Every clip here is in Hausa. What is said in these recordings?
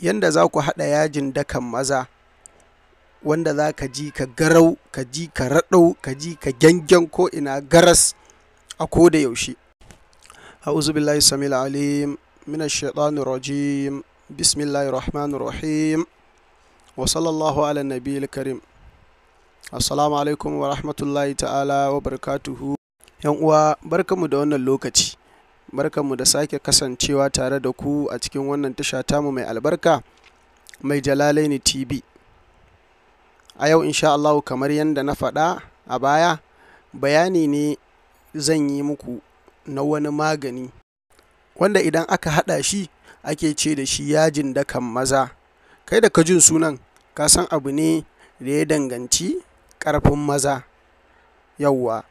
yanda za ku haɗa yajin dakan maza wanda za ka ji ka garau ka ji ka raɗau ka ji ka gyangyan ko ina garas a ko da yaushe a'udhu billahi samil alim minash shaitanir rajim bismillahir rahmanir rahim wa sallallahu ala nabiyil karim assalamu alaikum wa rahmatullahi ta'ala wa barakatuhu yan uwa barkamu da wannan lokaci barkanmu da sake kasancewa tare da ku a cikin wannan tasha tamu mai albarka mai jalalai jalalaini tv a yau insha Allah kamar yadda na faɗa a baya bayani ne zan yi muku na wani magani wanda idan aka haɗa shi ake ce da shi yajin dakan maza kai da kajin sunan kasan abu ne da ya danganci ƙarfin maza yauwa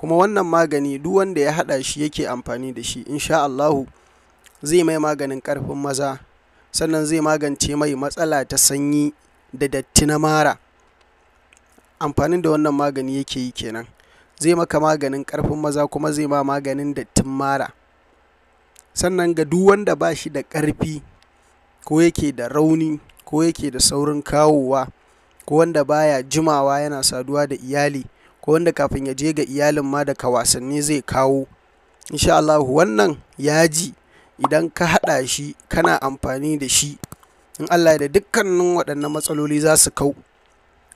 kuma wannan magani duk wanda ya haɗa shi yake amfani da shi insha Allahu zai mai maganin ƙarfin maza sannan zai magance mai matsala ta sanyi da datti na mara amfanin da wannan magani yake yi kenan zai maka maganin ƙarfin maza kuma zai ma maganin dattin mara sannan ga duk wanda ba shi da ƙarfi ko yake da rauni ko yake da saurin kawowa ko wanda baya jimawa yana saduwa da iyali wanda kafin ya je ga iyalin ma daga wasanni zai kawo insha Allah wannan yaji idan ka haɗa shi kana amfani da shi in Allah da dukkanin waɗannan matsaloli za su kau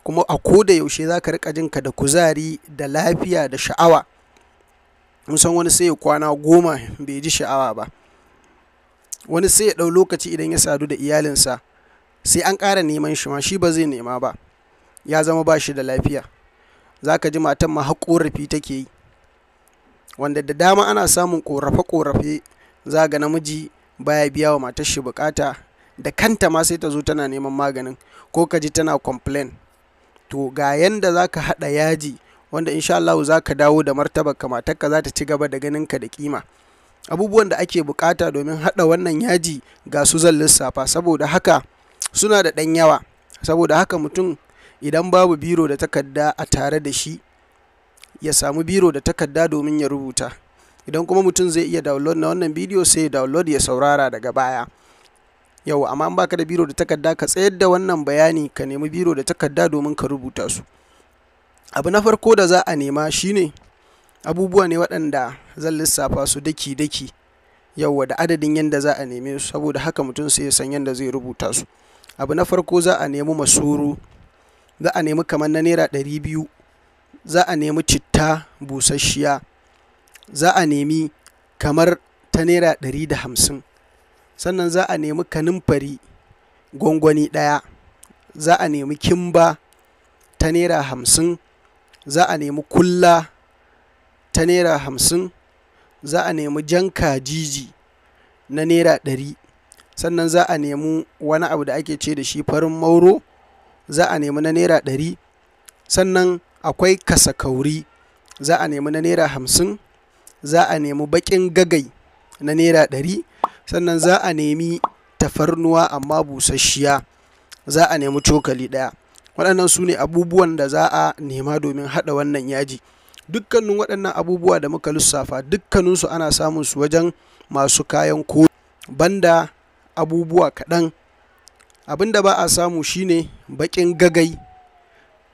kuma a ko da yaushe za ka riƙa jinka da kuzari da lafiya da sha'awa mun san wani sai ya kwana goma bai ji sha'awa ba wani sai ya ɗau lokaci idan ya sadu da iyalinsa sai an ƙara neman shi ma shi ba zai nema ba ya zama ba shi da lafiya zaka ji matan ma har korafi take yi wanda da dama ana samun korafe-korafe za ga namiji baya biya wa matar shi bukata da kanta ma sai ta zo tana neman maganin ko ka ji tana complain to ga yanda zaka ka haɗa yaji wanda insha Allah za ka dawo da martabar ka matarka za ta ci gaba da ganin ka da kima abubuwan da ake bukata domin haɗa wannan yaji ga su zan lissafa saboda haka suna da ɗan yawa saboda haka mutum idan babu biro da takarda a tare da shi ya samu biro da takarda domin ya rubuta idan kuma mutum zai iya download na wannan bidiyo sai ya download ya saurara daga baya yau amma in baka da biro da takarda ka tsayar da wannan bayani ka nemi biro da takarda domin ka rubuta su abu na farko da za a nema shine abubuwa ne waɗanda zan lissafa su daki-daki yau da adadin yadda za a neme su saboda haka mutum sai ya san yadda zai rubuta su abu na farko za a nemi masoro za a nemi kamar na naira ɗari biyu za a nemi citta busasshiya za a nemi kamar ta naira ɗari da hamsin sannan za a nemi kanumfari gwangwani ɗaya za a nemi kimba ta naira hamsin za a nemi kulla ta naira hamsin za a nemi jan kajiji na naira ɗari sannan za a nemi wani abu da ake ce da shi farin mauro za a nemi na naira ɗari sannan akwai kasakauri za a nemi na naira hamsin za a nemi baƙin gagai na naira ɗari sannan za a nemi tafarnuwa amma busasshiya za a nemi cokali ɗaya waɗannan su ne abubuwan da za a nema domin haɗa wannan yaji dukkanin waɗannan abubuwa da muka lissafa dukkaninsu ana samun su wajen masu kayan ko banda abubuwa kaɗan abin da ba a samu shine baƙin gagai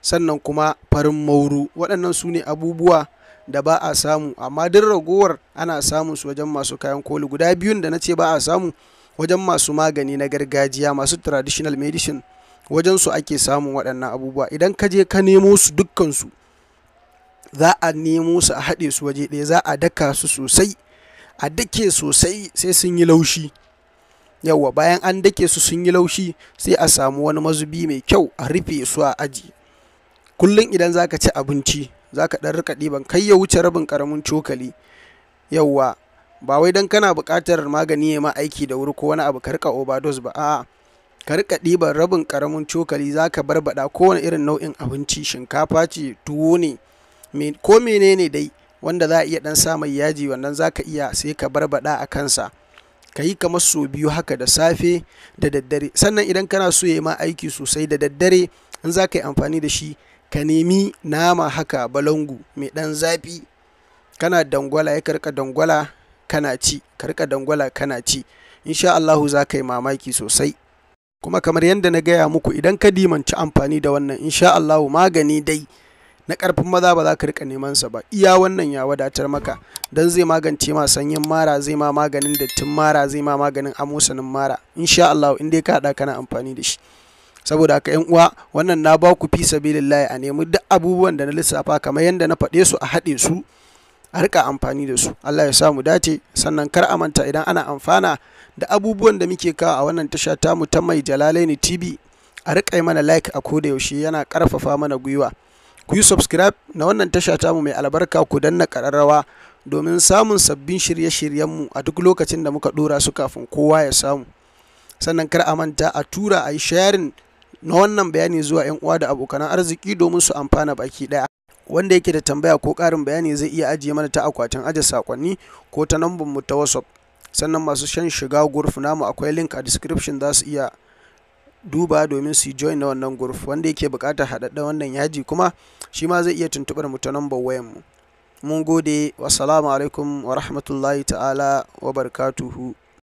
sannan kuma farin mauru waɗannan su ne abubuwa da ba a samu amma duk ragowar ana samun su wajen masu kayan koli guda biyun da na ce ba a samu wajen masu magani na gargajiya masu traditional medicine wajen su ake samun waɗannan abubuwa idan ka je ka nemo su dukkansu za a nemo su a haɗe su waje ɗaya za a daka su sosai a dake sosai sai sun yi laushi yawwa bayan an dake su sun yi laushi sai a samu wani mazubi mai kyau a rufe su a aji kullum idan zaka ci abinci zaka dan rika ɗiban kai ya wuce rabin karamin cokali yawwa ba wai dan kana buƙatar magani ya ma aiki da wuri ko wani abu ka rika overdose ba a'a ka rika ɗiban rabin karamin cokali zaka barbada kowane irin nau'in abinci shinkafa ce tuwo ne ko menene dai wanda za a iya dan sa mai yaji wannan zaka iya sai ka barbada a kansa ka yi kamar sau biyu haka da safe da daddare sannan idan kana so ya ma aiki sosai da daddare in za ka yi amfani da shi ka nemi nama haka balangu mai ɗan zafi kana dangwala ya karka dangwala kana ci karka dangwala kana ci insha Allahu za ka yi mamaki sosai kuma kamar yadda na gaya muku idan ka dimanci amfani da wannan insha Allahu magani dai na karfin maza ba za ka rika neman sa ba iya wannan ya wadatar maka dan zai magance ma sanyin mara zai ma maganin dattin mara zai ma maganin amosanin mara insha Allah in dai ka hada kana amfani da shi saboda haka yan uwa wannan na ba ku fi sabilillahi a nemi duk abubuwan da na lissafa kamar yadda na faɗe su a haɗe su a rika amfani da su Allah ya samu dace sannan kar a manta idan ana amfana da abubuwan da muke kawo a wannan tasha ta mu ta mai jalalaini tv a rika mana like a koda yaushe yana karfafa mana gwiwa ku yi subscribe na wannan tasha tamu mai albarka ku danna ƙararrawa domin samun sabbin shirye-shiryenmu a duk lokacin da muka ɗora su kafin kowa ya samu sannan kar a manta a tura a yi sharing na wannan bayani zuwa 'yan uwa da abokan arziki domin su amfana baki ɗaya wanda yake da tambaya ko ƙarin bayani zai iya ajiye mana ta akwatin aje sakonni ko ta mu ta whatsapp sannan masu shan shiga gurfi namu akwai link a description za su iya duba domin su join na wannan group wanda yake buƙatar haɗaɗɗen wannan yaji kuma shi ma zai iya tuntuɓar mu ta mu mun gode wassalamu alaikum wa rahmatullahi ta'ala wa barakatuhu